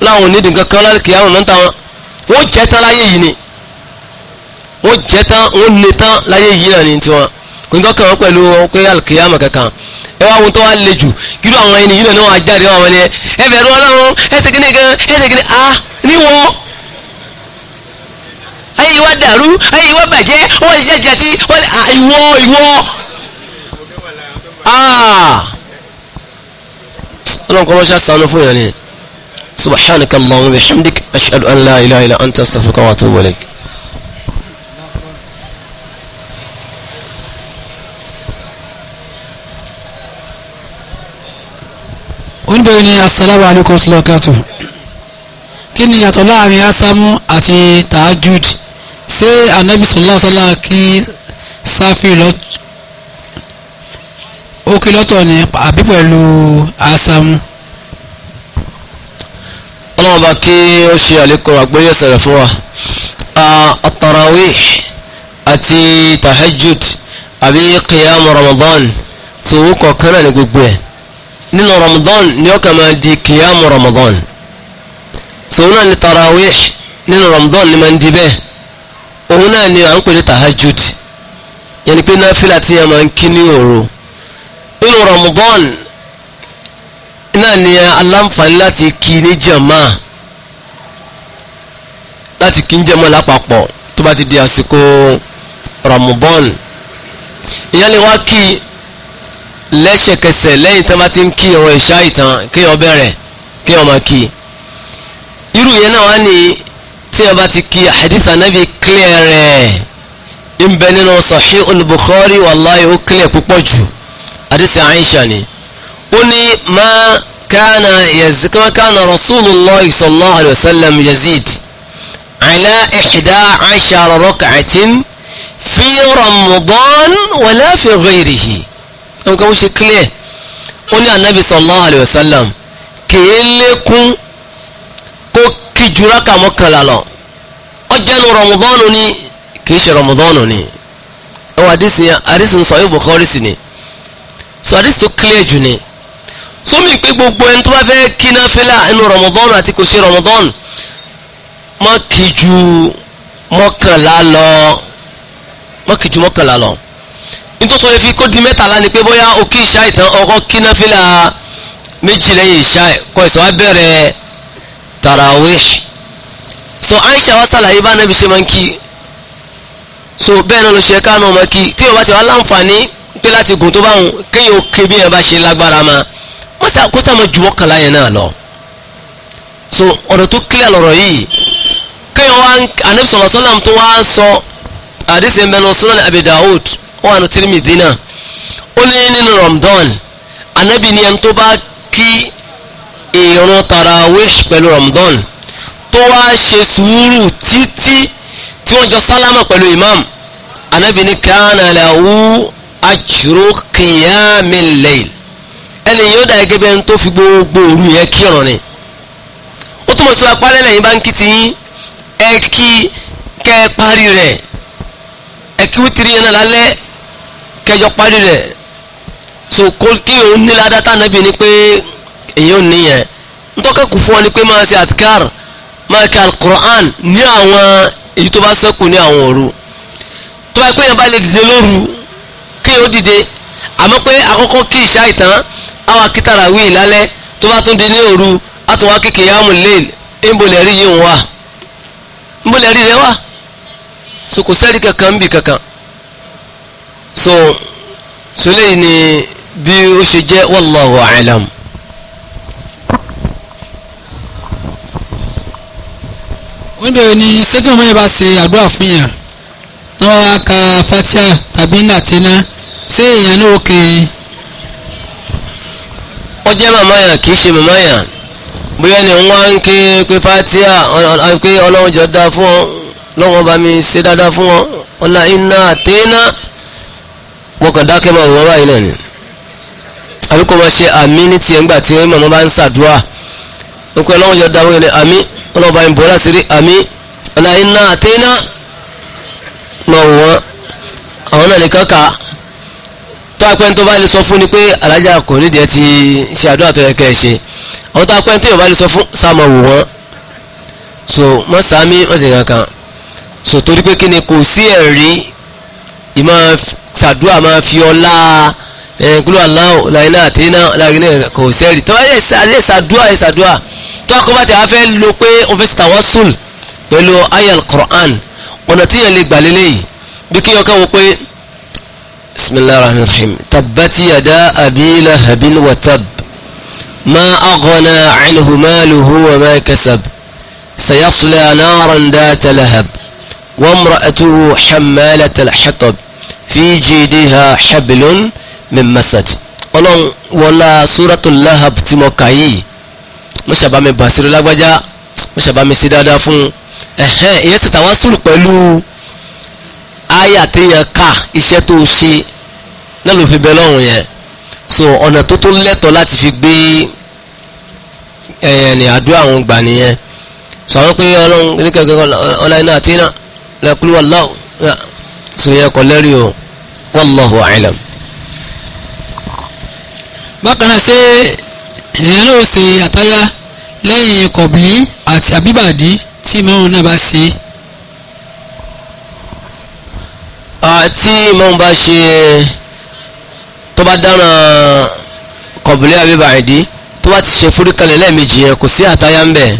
láwọn onídìí nǹkan kan lálẹ́ kìí àwọn ọ̀nà táwọn wọ́n jẹ́ tán láyé yìí ni wọ́n jẹ́ tán wọ́n lè tán láyé yìí náà ni tiwọn nítorí wọn pẹ̀lú pé alkiyama kankan ẹ wá wọn tó wá le jù irú àwọn ẹni yìí náà wọn ajáde wọn ni ẹ bẹ̀rù ọlọ́run ẹ ṣe kíni gan ẹ ṣe kíni a níwọ̀ ayé wa dàrú ayé wa bàjẹ́ wọn ẹ̀jẹ̀ jẹ̀tí wọn ni àìwọ ìwọ. ọlọ́run kọ́ lọ́sà sanu fún yẹn ni subhanakallahumma wa bihamdik ashhadu an la ilaha illa anta astaghfiruka wọ́n bẹ̀rẹ̀ ní asalaamu alaykum sọlọ́kàtù kí ni yàtọ̀ láàrin asámú àti tahajud ṣé anabi sọlá sọlá kí sáfì lọ ó kí lọ́tọ̀ ni àbí pẹ̀lú asámú. ọlọ́run bá kí ó ṣe àlékún àgbóyè sẹ̀rẹ̀ fún wa àtàràwíì àti tahajud àbí kìyàmù ramadan tó wúkọ̀ kan ní gbogbo ẹ̀ nínú Ramadan ni ó kà máa di kìyàmù Ramadan sòun náà ni tarawih nínú Ramadan ni máa ń di bẹ́ẹ̀ òun náà ni à ń pè ní tahajud yẹn ni pé náfìlà tí yẹn máa ń kí ní òru nínú Ramadan náà ni aláǹfààní láti kí ní jàmá láti kí ní jàmá lápapọ̀ tó bá ti di àsìkò Ramadan ìyẹn lè wá kí i lẹ́sẹ̀kẹsẹ̀ lẹ́yìn tán bá ti ń kí ọ̀rọ̀ ìṣá ìtàn kéèyàn bẹ̀rẹ̀ kéèyàn máa kí irú yẹn náà wá ní téèyàn bá ti kí hadith anabi clear rẹ̀ ń bẹ nínú Sahihul Bukhari wàláyé ó clear púpọ̀ jù hadith Aisha ni ó ní ma kana yazid kama kana rasulullah sallallahu alayhi wa sallam yazid ala ihda ashara rak'atin fi ramadan wala fi ghayrihi ẹ̀wọ̀n kan bó ṣe clear ó ní anabi sallallahu alayhi wa sallam kèé lékún kó kí ju rákà mọ́kànlá lọ ọjọ́ nu rọmọdọ́nù ni kìí ṣe rọmọdọ́nù ni ẹ̀wọ̀n àdìsí àdìsí ń sọ yóò Bukhari sí ni so àdìsí tó clear jù ni sómi pé gbogbo ẹni tó bá fẹ́ kí náfílà inú rọmọdọ́nù àti kò ṣe rọmọdọ́nù mọ́ kí mọ́kànlá lọ mọ́ kí mọ́kànlá lọ nítorí tó lè fi kó di mẹ́tàlá ni pé bóyá o kí ìṣá ìtàn ọkọ kí náfìlà méjì lẹ́yìn ìṣá kọ ìṣe wa bẹ̀rẹ̀ tarawih so Aisha wa sàlàyé bá nàbí ṣe máa ń kí so bẹ́ẹ̀ náà ló ṣe ká náà máa kí tí o bá ti wá láǹfààní pé láti gùn tó bá wọn kéèyàn ó ké bí yẹn bá ṣe lágbára máa wọ́n sá kó sàmọ́ ju mọ́kànlá yẹn náà lọ so ọ̀rọ̀ tó kílẹ̀ lọ̀rọ̀ yìí kéèyàn wá anabi sọ̀rọ̀ sọ́làm tó wá sọ àdìsí mbẹ́nu sunan Abi Dawud ó wà ní Tirmidhi náà ó ní nínú Ramadan anabi ni ẹni tó bá kí ìrun tarawih pẹ̀lú Ramadan tó wá ṣe sùúrù títí tí wọ́n jọ sálámà pẹ̀lú imam anabi ni kana lahu ajru qiyamil layl ẹni yóò dá gẹ́gẹ́ bí ẹni tó fi gbogbo òru yẹn kírun ni ó túmọ̀ sí apá lẹ́lẹ̀ yín bá ń kí ti yín ẹ kí kẹ́ parí rẹ̀ ẹ kí wítìrì yẹn náà lálẹ́ kẹjọ parí rẹ̀ so kó kí òun ní ládàtà nàbí ni pé èyàn ò níyẹn ntọ́kẹ́kù fún ọ ni pé máa ṣe àtikár máa ka alukur'an ní àwọn èyí tó bá sẹ́kù ní àwọn òru tó bá pé yẹn bá lè dìde lóru kí yẹn ó dìde àmọ́ pé àkọ́kọ́ kí ìṣá ìtàn àwọn akitara wí lálẹ́ tó bá tún di ní òru àtúnwá kékeré amúlẹ́ẹ̀lì ńbọ̀lẹ́rì yìí ń wà ńbọ̀lẹ́rì rẹ wà so kò sẹ́rí kankan ń kankan so sọlẹ́yìn ni bí ó ṣe jẹ́ wallahu a'lam. wọ́n bẹ̀rẹ̀ ní sẹ́tọ̀ ọmọ yẹn bá ṣe àdúrà fún yàn tí wọ́n wá ka fatia tàbí nàtẹ́nà ṣé èèyàn ló kè é. ó jẹ́ màmá yàn kì í ṣe màmá yàn bóyá ni wọ́n á ń ké pé fatia pé ọlọ́run jọ dáa fún ọ lọ́wọ́n bá mi ṣe dáadáa fún ọ ọ̀la iná àtẹ́nà wọn kàn dákẹ́ mọ́ ìwọ́n báyìí náà ni àbí kò máa ṣe àmì ní tiẹ̀ ńgbà tí màmá bá ń ṣàdúrà wọn kọ́ ọlọ́run yọ da wọn yẹn àmì ọlọ́ba ń bọ́ láti rí àmì ọ̀la iná àti iná mọ̀ wọ́n àwọn náà nìkan kà tó apẹ́ tó bá lè sọ fún ni pé alájà kò nídìí ẹ ti ṣe àdúrà tó yẹ kẹ́ ẹ ṣe àwọn tó apẹ́ tó yẹ bá lè sọ fún sáàmọ̀ wò wọ́n so mọ́ sàmì ọ̀sẹ̀ kankan so torí pé kí ni kò sí ẹ̀rí ìmọ̀ sàdúrà máa fi ọlá ẹ̀ẹ́dúró aláwọ̀ láìní àtẹ́nà láìní kò sẹ́rì tó ayé sàdúrà ẹ̀ sàdúrà tó akọ́ bá ti afẹ́ lo pé o fẹ́ tawassul pẹ̀lú ayal Qur'an ọ̀nà tí yẹn lè gbà lélẹ́yìí bí kí ọkọ̀ wọ pé bisimilahi rahman rahim tabbati yada abi lahabin wa tab ma aghna anhu maluhu wa ma kasab sayasla naran data lahab wa imra'atuhu hammalata fi jidiha hablun min masad ọlọ́run wọlá suratul lahab tí mo kà yìí mo ṣàbámi bàṣírí lágbájá mo ṣàbámi sí dáadáa fún ẹ̀hẹ́n ìyẹn sì tàwọn sùn pẹ̀lú àyà téèyàn ká iṣẹ́ tó ṣe náà ló fi bẹ lọ́rùn yẹn so ọ̀nà tó tó lẹ́tọ̀ọ́ láti fi gbé ẹ̀yẹn ní àdúrà àwọn gbà nìyẹn sọ wọn pé ọlọ́run oníkẹ́kẹ́ ọláyìn náà àti náà lẹ́kúlú ọlọ́run sòyẹ kọlẹ́rì o wallahu a'lam. bákan náà ṣé èèyàn náà ṣe àtáyá lẹ́yìn kọ̀bìlì àti àbíbàdí tí ìmáàmù náà bá ṣe. àti ìmáàmù bá ṣe tó bá dáná kọ̀bìlì àbíbàdí tó bá ti ṣe fúríkalẹ̀ lẹ́ẹ̀mejì yẹn kò sí àtáyá ń bẹ̀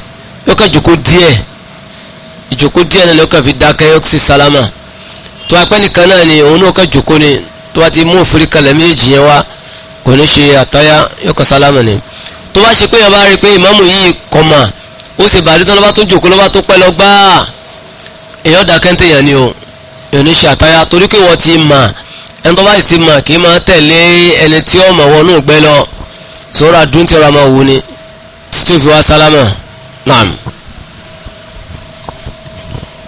yóò kàn jòkó díẹ̀ ìjòkó díẹ̀ náà ló kàn fi dákẹ́ yóò sì sálámà tó apẹ́ nìkan náà ni òun náà kẹ́ jòkó ni tó bá ti mú òfin kalẹ̀ méjì yẹn wá kò ní ṣe àtọ́yá yóò kọ́ sálámù ni tó bá ṣe pé yàrá rí i pé ìmáàmù yìí kọ̀ mà ó sì bàdí tán ló bá tún jòkó ló bá tún pẹ́ lọ gbáà èèyàn dà kẹ́ńtẹ̀ yẹn ni o èèyàn ní ṣe àtọ́yá torí pé wọ́n ti mà ẹni tó bá sì mà kì í máa tẹ̀lé ẹni tí ó mọ̀ wọnú gbẹ lọ sọ́ra dún tí ọ̀rọ̀ máa wù ni tí fi wá sálámù náà.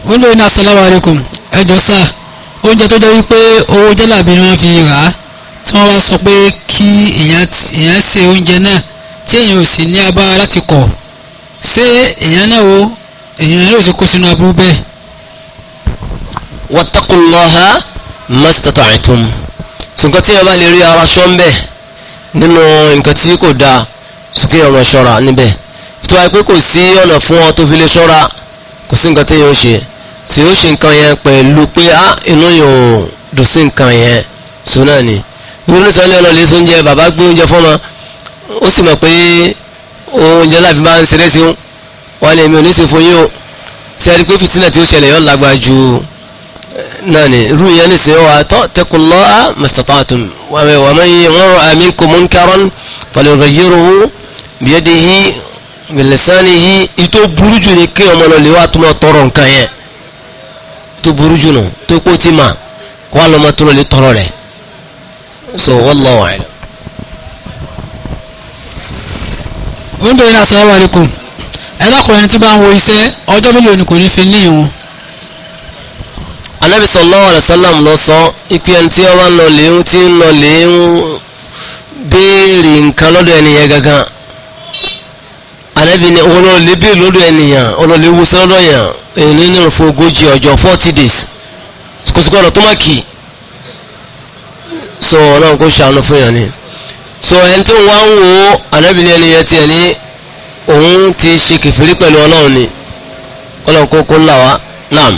wọ́n lóyún assalamu alaikum ẹ̀jọ̀ sáà oúnjẹ tó jẹ́ wípé owó jálàbí ni wọ́n fi rà á tí wọ́n wá sọ pé kí èèyàn ṣe oúnjẹ náà tí èèyàn ò sì ní agbára láti kọ̀ ṣé èèyàn náà o èèyàn náà ò kó sínú aburú bẹ́ẹ̀. wattaqullaha mastata'tum ṣùgbọ́n tí yẹn bá lè rí ara ṣọ́ńbẹ́ nínú nǹkan tí kò dáa sókè ọmọ ṣọ́ra níbẹ̀ tó wáyé pé kò sí ọ̀nà fún ọ tó fi lè ṣọ́ra kò sí nǹkan tí yóò ṣe tí ó ṣe nǹkan yẹn pẹ̀lú pé á ah, inú yóò dùn sí nǹkan yẹn sùn náà ni irú ní sọ́ni ọlọ́ọ̀lẹ́ sóúnjẹ bàbá gbé oúnjẹ fọ́mọ ó sì mọ̀ pé oúnjẹ láàfin bá ń ṣeré sí wọn ni èmi ò ní sì fún yín o ṣe é rí pé fìtínà tí ó ṣẹlẹ̀ yọ lágbá ju eh, náà ni irú yẹn ní sèwọ́ àtọ́ tẹkùn lọ́ọ́ mastata'tum wàmẹ́wàá mẹ́yìn wọn rọ minkum munkaran falyughayyirhu biyadihi bilisanihi ìtò burú jù ní kí ọmọ lọ́ọ́ lè wá tó máa tọrọ nǹkan yẹn tó burú jù tó kó tí ma kó wà lọ́mọ tó lè tọrọ rẹ̀ so wallahu a'lam. ó ń bèrè ní assalamu alaikum ẹ lọ́kùnrin ẹni tí bá ń wo iṣẹ́ ọjọ́ mélòó ni kò ní fi ní ìhun. Ànábì sallallahu alaihi wasallam lọ sọ ipe ẹni tí ọba ń lọ léwu tí ń lọ léwu béèrè nǹkan lọ́dọ̀ ẹnìyẹn gangan Ànábì ni ọlọ́ọ̀lẹ́ béèrè lọ́dọ̀ ẹnìyàn ọlọ́ọ̀lẹ́ wọ́sẹ̀ lọ́dọ̀ yàn èlé nínú fún ogójì ọjọ́ forty days kò sí gbọ́dọ̀ tó má kì í so ọlọ́run kò ṣàánú fún yàn ni so ẹni tó wá ń wo ànábì ní ẹni yẹn tiẹ̀ ní òun ti ṣe kẹfìrí pẹ̀lú ọlọ́run ni ọlọ́run kò kó là wá naam.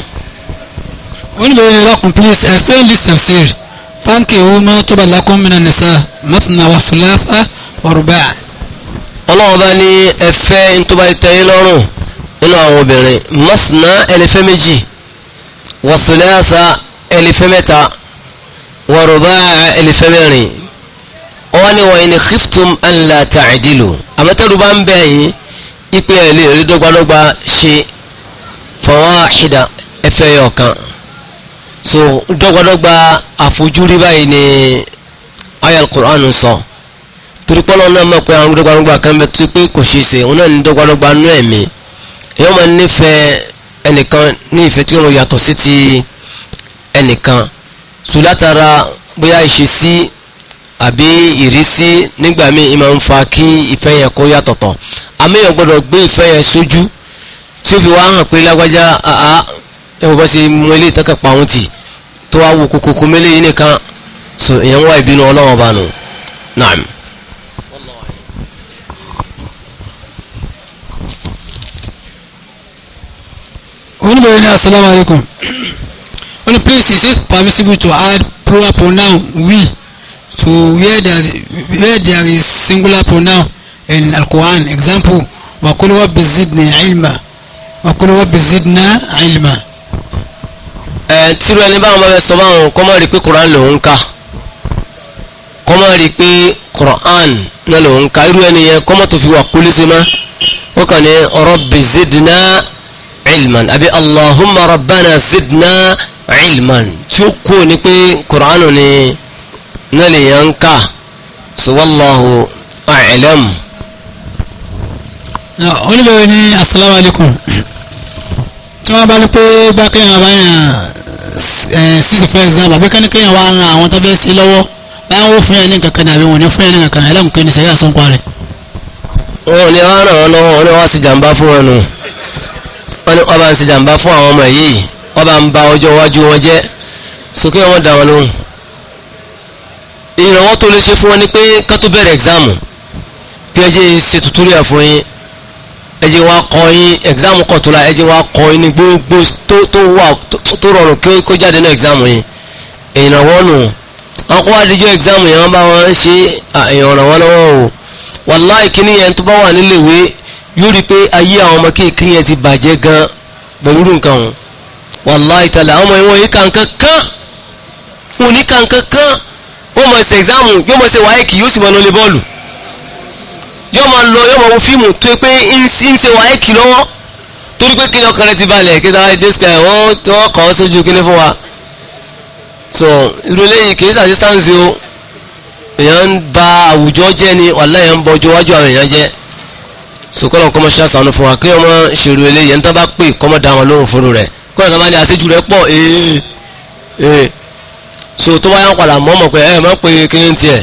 wọ́n lè rìn lọ́kùn please explain this tafsir fáńkì owó máa tó bàlá kún mi náà nìsa mọ́tìnà wà fúláfà ọ̀rùbá. ọlọ́run bá ní ẹ fẹ́ ntọ́ba tẹ́yìn lọ́rùn nínú àwọn obìnrin masna ẹlẹ́fẹ́ méjì wàsùlẹ́àsà ẹlẹ́fẹ́ mẹ́ta wàrúbá ẹlẹ́fẹ́ mẹ́rin wọ́n ní wọ̀nyí ni khiftum anla ta'adilu àmọ́tẹ́rù bá ń bẹ̀ yín ipe ẹ̀lẹ́ rí dọ́gbadọ́gba ṣe fawahida ẹ̀fẹ́ yọ̀kan so dọ́gbadọ́gba àfojúrí báyìí ni ayal Qur'an sọ torí pọ́lọ́ náà mọ̀ pé àwọn dọ́gbadọ́gba kan bẹ tó pé kò ṣe ṣe òun náà ní dọ́gbadọ́gba nú ẹ̀mí èèyàn máa nífẹ̀ẹ́ ẹnìkan ní ìfẹ́ tí wọ́n yàtọ̀ sí ti ẹnìkan so látara bóyá ìṣesí àbí ìrísí nígbà míì máa ń fa kí ìfẹ́ yẹn kó yàtọ̀tọ̀ àmì yẹn gbọ́dọ̀ gbé ìfẹ́ yẹn sójú tí ó fi wá hàn pé lágbájá ẹ̀wọ̀n bá ṣe mú eléyìí tẹ́kẹ̀ pa òun tì tó wá wo kòkòkò mélòó yìí nìkan so ìyẹn wá ìbínú ọlọ́wọ́n bá nù náà. oníbẹ̀rẹ̀ ní asalaamu alaykum wọ́n ní please is it permissible to add plural pronoun we to where there where there is singular pronoun in Al-Quran example wa qul rabbi zidni ilma wa qul rabbi zidna ilma. ẹ tírú ẹni báwọn bá fẹ́ sọ báwọn kọ́ mọ́ rí pé Quran lòún kà kọ́ mọ́ rí pé Quran náà lòún kà irú ẹni yẹn kọ́ mọ́ tó fi wà kólé sí ma ó kàn ní rabbi zidna علما àbí اللهم ربنا زدنا علما tí ó kú ni pé kuranu ni náà lè yàn ká so wallahu a'lam. olùbẹ̀wẹ̀ ni asalaamualeykum tí wọ́n bá ní pé bá kéèyàn bá yàn eh, sísè fún exam àbí ká ní kéèyàn wá ran àwọn tó fẹ́ sí lọ́wọ́ báyà wọ́n fún yẹn ní kankan ní àbí wọ́n ní fún yẹn ní kankan ẹlẹ́mùkẹ́ ní sọ́nkọ́ rẹ̀. wọn ò ní wá ràn án lọ́wọ́ wọn ni wọ́n á sì jàǹbá fún wọn wọ́n ní ọba ń ṣe jàǹbá fún àwọn ọmọ yìí ọba ń ba ọjọ́ iwájú wọn jẹ́ sókè wọn dá wọn lóhùn ìrànwọ́ tó lè ṣe fún wọn ni pé ká tó bẹ̀rẹ̀ ẹ̀gzáàmù kí ẹ jẹ́ ṣe tutorial fún yín ẹ jẹ́ wa kọ́ yín ẹ̀gzáàmù kọ̀tùlá ẹ jẹ́ wa kọ́ yín ní gbogbo tó wà tó rọrùn kí ó jáde ní ẹ̀gzáàmù yín ìrànwọ́ nù wọn kó adijọ́ ẹ̀gzáàmù yẹn wọn bá wọn ṣe ìrànwọ́ lọ́wọ́ o wàláì kíní yẹn tó bá wà níléèwé yóò rí pé ayé àwọn ọmọ kékeré yẹn ti bàjẹ́ gan pẹ̀lú irú nǹkan wọn wàláì tàlà àwọn ọmọ ìwọ̀n yìí kàn kankan wọn ní kàn kankan wọn mọ̀ ṣe ẹ̀gzámù yóò mọ̀ ṣe wáyéèkì yóò sì mọ̀ lọ lé bọ́ọ̀lù yóò mọ̀ lọ yóò mọ̀ wo fíìmù tó pé ń ṣe wáyéèkì lọ́wọ́ torí pé kí ni ọkàn rẹ ti balẹ̀ kí ni àdéṣkà wọ́n kọ́ sójú kí ni fún wa so irú eléyìí kì í ṣàṣìṣàǹsì o èèyàn ń ba àwùjọ jẹ́ ni wàláì ń bọjú wájú àwọn èèyàn jẹ́ sòkòlọ̀ kọ́mọ́ṣẹ́ àṣàánú fún wa kí ọmọ ṣèrò eléyìí ẹni tó bá pè kọ́mọ́ da wọn lóhùn fúnru rẹ̀ kọ́mọ́ tó bá ní aṣíjú rẹ̀ pọ̀ ee eh, ee eh, eh. so tó bá yàn padà mọ́mọ́ pé ẹ má pè kéyìn tiẹ̀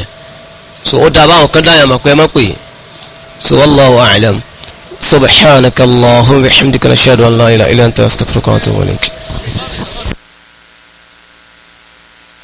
so ó da báwọn kan dáyà mọ̀ pé ẹ má pè so wallahu a'lam subhanaka allahumma wa bihamdika nashhadu an la ilaha illa anta astaghfiruka wa atubu ilayk